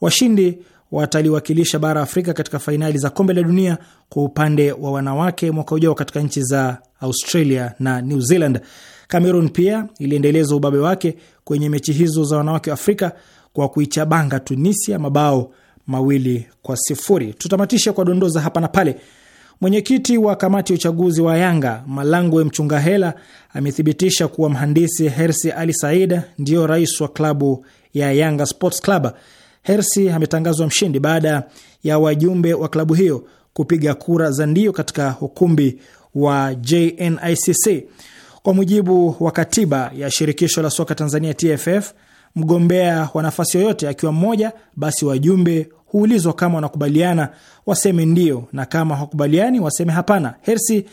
Speaker 3: Washindi wataliwakilisha bara Afrika katika fainali za kombe la dunia kwa upande wa wanawake mwaka ujao katika nchi za Australia na New Zealand. Cameroon pia iliendeleza ubabe wake kwenye mechi hizo za wanawake wa Afrika kwa kuichabanga Tunisia mabao mawili kwa sifuri. Tutamatisha kwa dondoza hapa na pale. Mwenyekiti wa kamati ya uchaguzi wa Yanga Malangwe Mchungahela amethibitisha kuwa mhandisi Hersi Ali Said ndiyo rais wa klabu ya Yanga Sports Club. Hersi ametangazwa mshindi baada ya wajumbe wa klabu hiyo kupiga kura za ndio katika ukumbi wa JNICC. Kwa mujibu wa katiba ya shirikisho la soka Tanzania TFF, mgombea wa nafasi yoyote akiwa mmoja, basi wajumbe huulizwa kama wanakubaliana waseme ndio, na kama hawakubaliani waseme hapana. Hersi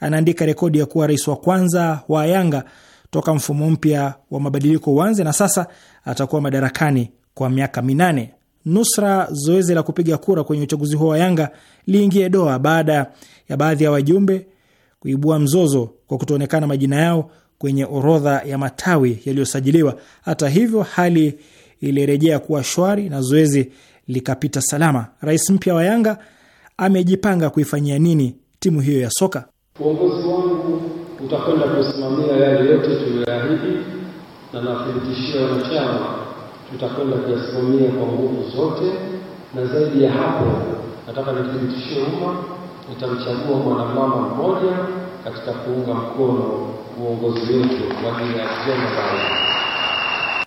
Speaker 3: anaandika rekodi ya kuwa rais wa kwanza wa Yanga toka mfumo mpya wa mabadiliko uanze, na sasa atakuwa madarakani kwa miaka minane. Nusra zoezi la kupiga kura kwenye uchaguzi huo wa Yanga liingie doa baada ya baadhi ya wajumbe kuibua mzozo kwa kutoonekana majina yao kwenye orodha ya matawi yaliyosajiliwa. Hata hivyo, hali ilirejea kuwa shwari na zoezi likapita salama. Rais mpya wa Yanga amejipanga kuifanyia nini timu hiyo ya soka?
Speaker 6: Uongozi wangu utakwenda kusimamia yale yote tuliyoahidi, na nathibitishia wanachama tutakwenda kuyasimamia kwa nguvu zote, na zaidi ya hapo, nataka nithibitishie umma, nitamchagua mwanamama mmoja katika kuunga mkono uongozi wetu kwa ajili ya vijana zaidi.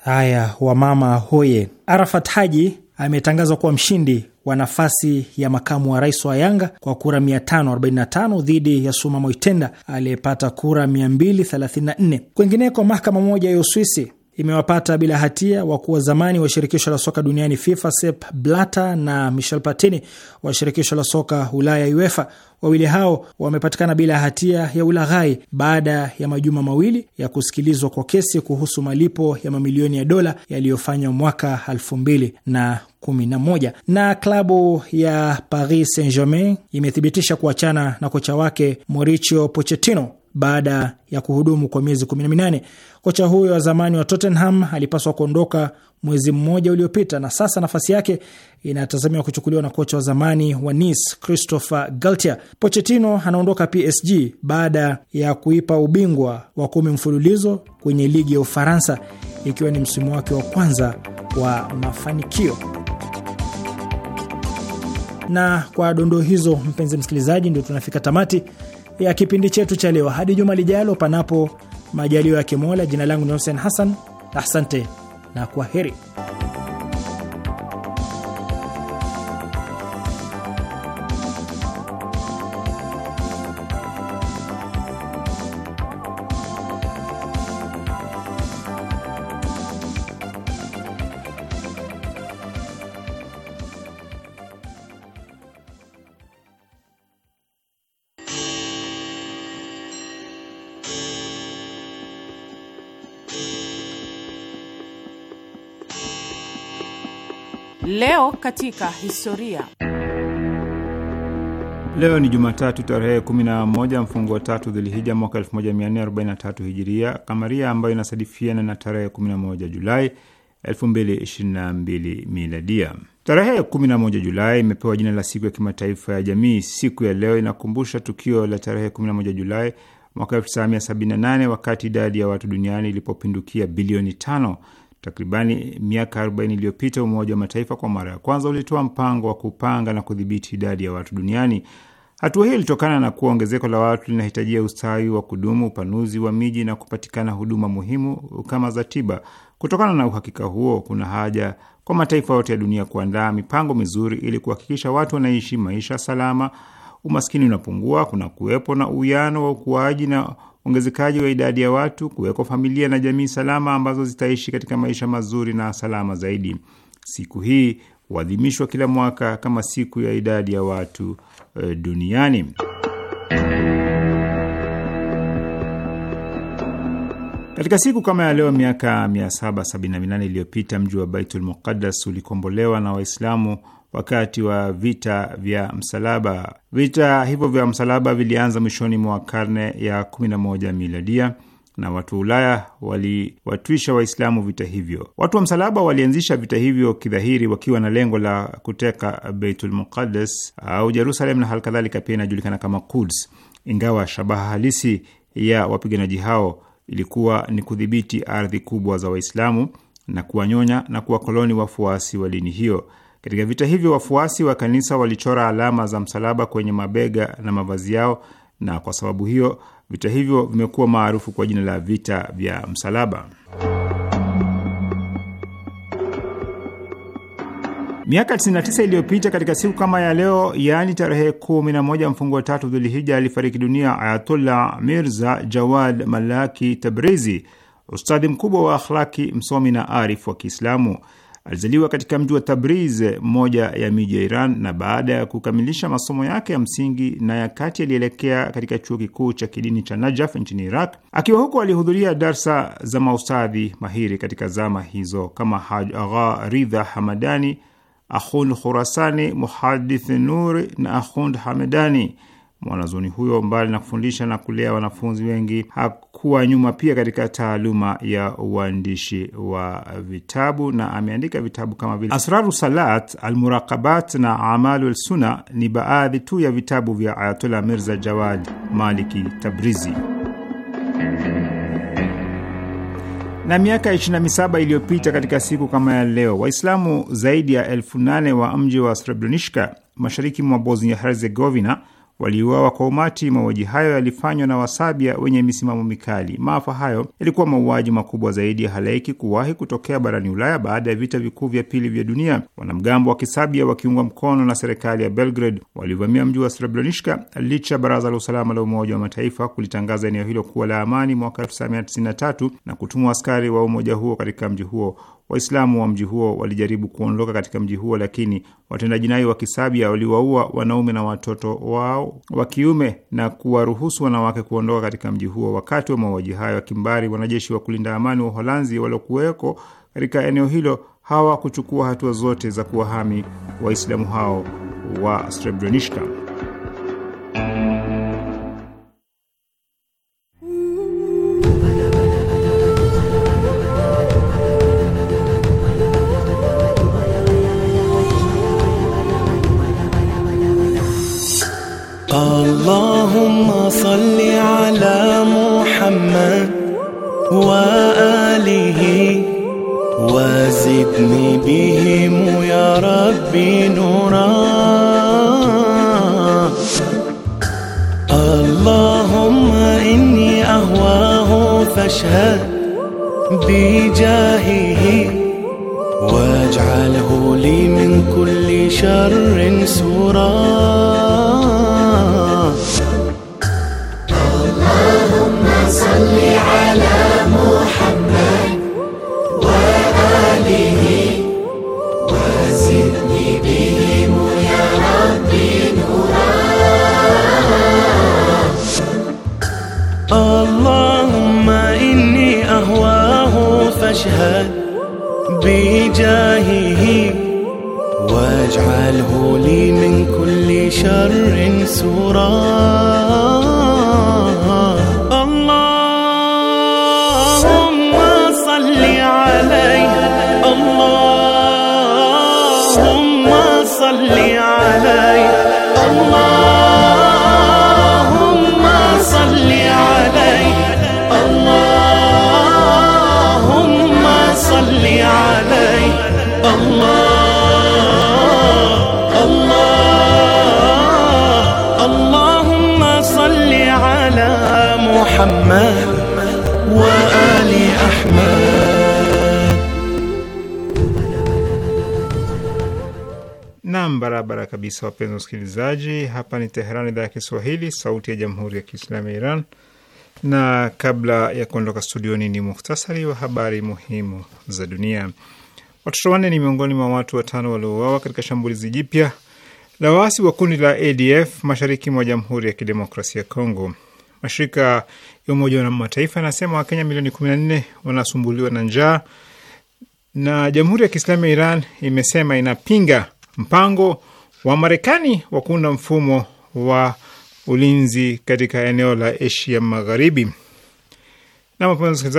Speaker 3: Haya, wamama hoye! Arafat Haji ametangazwa kuwa mshindi wa nafasi ya makamu wa rais wa Yanga kwa kura 545 dhidi ya Suma Moitenda aliyepata kura 234. Kwengineko, mahakama moja ya Uswisi imewapata bila hatia wakuu wa zamani wa shirikisho la soka duniani FIFA, Sepp Blatter na Michel Platini wa shirikisho la soka Ulaya, UEFA. Wawili hao wamepatikana bila hatia ya ulaghai baada ya majuma mawili ya kusikilizwa kwa kesi kuhusu malipo ya mamilioni ya dola yaliyofanywa mwaka 2011. Na klabu ya Paris Saint-Germain imethibitisha kuachana na kocha wake Mauricio Pochettino baada ya kuhudumu kwa miezi 18. Kocha huyo wa zamani wa Tottenham alipaswa kuondoka mwezi mmoja uliopita, na sasa nafasi yake inatazamiwa kuchukuliwa na kocha wa zamani wa Nice Christopher Galtier. Pochettino anaondoka PSG baada ya kuipa ubingwa wa kumi mfululizo kwenye ligi ya Ufaransa, ikiwa ni msimu wake wa kwanza wa mafanikio. Na kwa dondoo hizo, mpenzi msikilizaji, ndio tunafika tamati ya kipindi chetu cha leo. Hadi juma lijalo, panapo majalio ya Kimola. Jina langu ni Hussein Hassan, asante na kwa heri.
Speaker 1: Leo katika
Speaker 6: historia.
Speaker 2: Leo ni Jumatatu tarehe 11 mfungo tatu Dhilhija mwaka 1443 Hijiria Kamaria, ambayo inasadifiana na tarehe 11 Julai 2022 Miladia. Tarehe 11 Julai imepewa jina la siku ya kimataifa ya jamii. Siku ya leo inakumbusha tukio la tarehe 11 Julai mwaka 1978 wakati idadi ya watu duniani ilipopindukia bilioni tano. Takribani miaka 40 iliyopita, Umoja wa Mataifa kwa mara ya kwanza ulitoa mpango wa kupanga na kudhibiti idadi ya watu duniani. Hatua hiyo ilitokana na kuwa ongezeko la watu linahitajia ustawi wa kudumu, upanuzi wa miji na kupatikana huduma muhimu kama za tiba. Kutokana na uhakika huo, kuna haja kwa mataifa yote ya dunia kuandaa mipango mizuri ili kuhakikisha watu wanaishi maisha salama, umaskini unapungua, kuna kuwepo na uwiano wa ukuaji na ongezekaji wa idadi ya watu, kuwekwa familia na jamii salama ambazo zitaishi katika maisha mazuri na salama zaidi. Siku hii huadhimishwa kila mwaka kama siku ya idadi ya watu e, duniani. Katika siku kama ya leo miaka 778 iliyopita mji wa Baitul Muqaddas ulikombolewa na Waislamu wakati wa vita vya msalaba. Vita hivyo vya msalaba vilianza mwishoni mwa karne ya 11 miladia na watu wa Ulaya waliwatwisha Waislamu vita hivyo. Watu wa msalaba walianzisha vita hivyo kidhahiri, wakiwa na lengo la kuteka Beitul Muqaddas au Jerusalem na halikadhalika pia inajulikana kama Quds, ingawa shabaha halisi ya wapiganaji hao ilikuwa ni kudhibiti ardhi kubwa za Waislamu na kuwanyonya na kuwakoloni wafuasi wa dini hiyo. Katika vita hivyo wafuasi wa kanisa walichora alama za msalaba kwenye mabega na mavazi yao, na kwa sababu hiyo vita hivyo vimekuwa maarufu kwa jina la vita vya msalaba. Miaka 99 iliyopita katika siku kama ya leo, yaani tarehe 11 mfungo tatu Dhulhija, alifariki dunia Ayatullah Mirza Jawad Malaki Tabrizi, ustadhi mkubwa wa akhlaki, msomi na arif wa Kiislamu. Alizaliwa katika mji wa Tabriz, moja ya miji ya Iran, na baada ya kukamilisha masomo yake ya msingi na ya kati alielekea katika chuo kikuu cha kidini cha Najaf nchini Iraq. Akiwa huko alihudhuria darsa za maustadhi mahiri katika zama hizo kama Haj Agha Ridha Hamadani, Ahund Khurasani, Muhadith Nur na Ahund Hamedani. Mwanazuoni huyo mbali na kufundisha na kulea wanafunzi wengi, hakuwa nyuma pia katika taaluma ya uandishi wa vitabu na ameandika vitabu kama vile Asraru Salat, Almurakabat na Amalu Lsuna ni baadhi tu ya vitabu vya Ayatola Mirza Jawad Maliki Tabrizi. Na miaka 27 iliyopita katika siku kama ya leo, Waislamu zaidi ya elfu nane wa mji wa Srebrenica mashariki mwa Bosnia Herzegovina waliuawa kwa umati. Mauaji hayo yalifanywa na Wasabia wenye misimamo mikali. Maafa hayo yalikuwa mauaji makubwa zaidi ya halaiki kuwahi kutokea barani Ulaya baada ya vita vikuu vya pili vya dunia. Wanamgambo wa Kisabia wakiungwa mkono na serikali ya Belgrade walivamia mji wa Srebrenica licha Baraza la Usalama la Umoja wa Mataifa kulitangaza eneo hilo kuwa la amani mwaka 1993 na kutumwa askari wa umoja huo katika mji huo Waislamu wa mji huo walijaribu kuondoka katika mji huo, lakini watenda jinai wa Kisabia waliwaua wanaume na watoto wao wa kiume na kuwaruhusu wanawake kuondoka katika mji huo. Wakati wa mauaji hayo ya kimbari, wanajeshi wa kulinda amani wa Uholanzi waliokuweko katika eneo hilo hawakuchukua hatua zote za kuwahami Waislamu hao wa Srebrenica.
Speaker 6: اللهم صل
Speaker 4: على محمد وآله وزدني بهم يا ربي نورا
Speaker 6: اللهم إني أهواه فاشهد
Speaker 4: بجاهه واجعله لي من كل شر
Speaker 6: سُورًا صل على محمد وآله يا ربي نورا اللهم إني أهواه
Speaker 4: فاشهد بجاهه واجعله
Speaker 6: لي من كل شر سراه محمد وآل أحمد
Speaker 2: Nam, barabara kabisa, wapenzi wasikilizaji, hapa ni Teherani, idhaa ya Kiswahili, sauti ya jamhuri ya kiislamu ya Iran. Na kabla ya kuondoka studioni, ni muhtasari wa habari muhimu za dunia. Watoto wanne ni miongoni mwa watu watano waliouawa katika shambulizi jipya la waasi wa kundi la ADF mashariki mwa jamhuri ya kidemokrasia ya Kongo. Mashirika ya Umoja wa Mataifa yanasema Wakenya milioni nne wanasumbuliwa na njaa, na Jamhuri ya Kiislamu ya Iran imesema inapinga mpango wa Marekani wa kuunda mfumo wa ulinzi katika eneo la Asia Magharibi. Na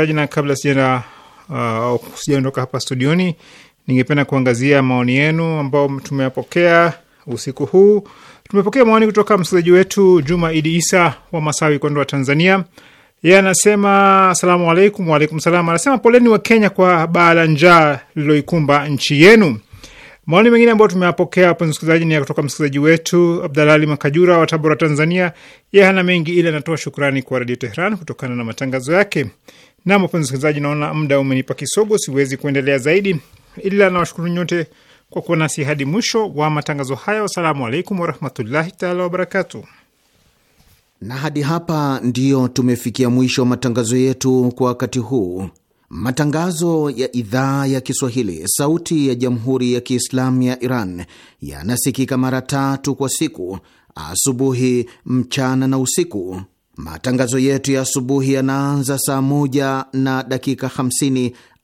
Speaker 2: na kabla sijaenda uh, sijaondoka hapa studioni, ningependa kuangazia maoni yenu ambao tumeyapokea usiku huu. Tumepokea maoni kutoka msikilizaji wetu Juma Idi Isa wa Masawi, Kondoa, Tanzania. Yeye anasema asalamu alaikum. Waalaikum salam. Anasema poleni wa Kenya kwa baa la njaa lililoikumba nchi yenu. Maoni mengine ambayo tumeyapokea hapo msikilizaji ni kutoka msikilizaji wetu Abdalali Makajura wa Tabora, Tanzania. Yeye hana mengi, ili anatoa shukrani kwa Radio Teheran kutokana na matangazo yake. Nam wapenzi msikilizaji, naona muda umenipa kisogo, siwezi kuendelea zaidi, ila nawashukuru nyote kwa kuwa nasi hadi mwisho wa matangazo haya. Wassalamu alaikum warahmatullahi taala wabarakatu.
Speaker 7: Na hadi hapa ndiyo tumefikia mwisho wa matangazo yetu kwa wakati huu. Matangazo ya idhaa ya Kiswahili sauti ya jamhuri ya Kiislamu ya Iran yanasikika mara tatu kwa siku: asubuhi, mchana na usiku. Matangazo yetu ya asubuhi yanaanza saa moja na dakika 5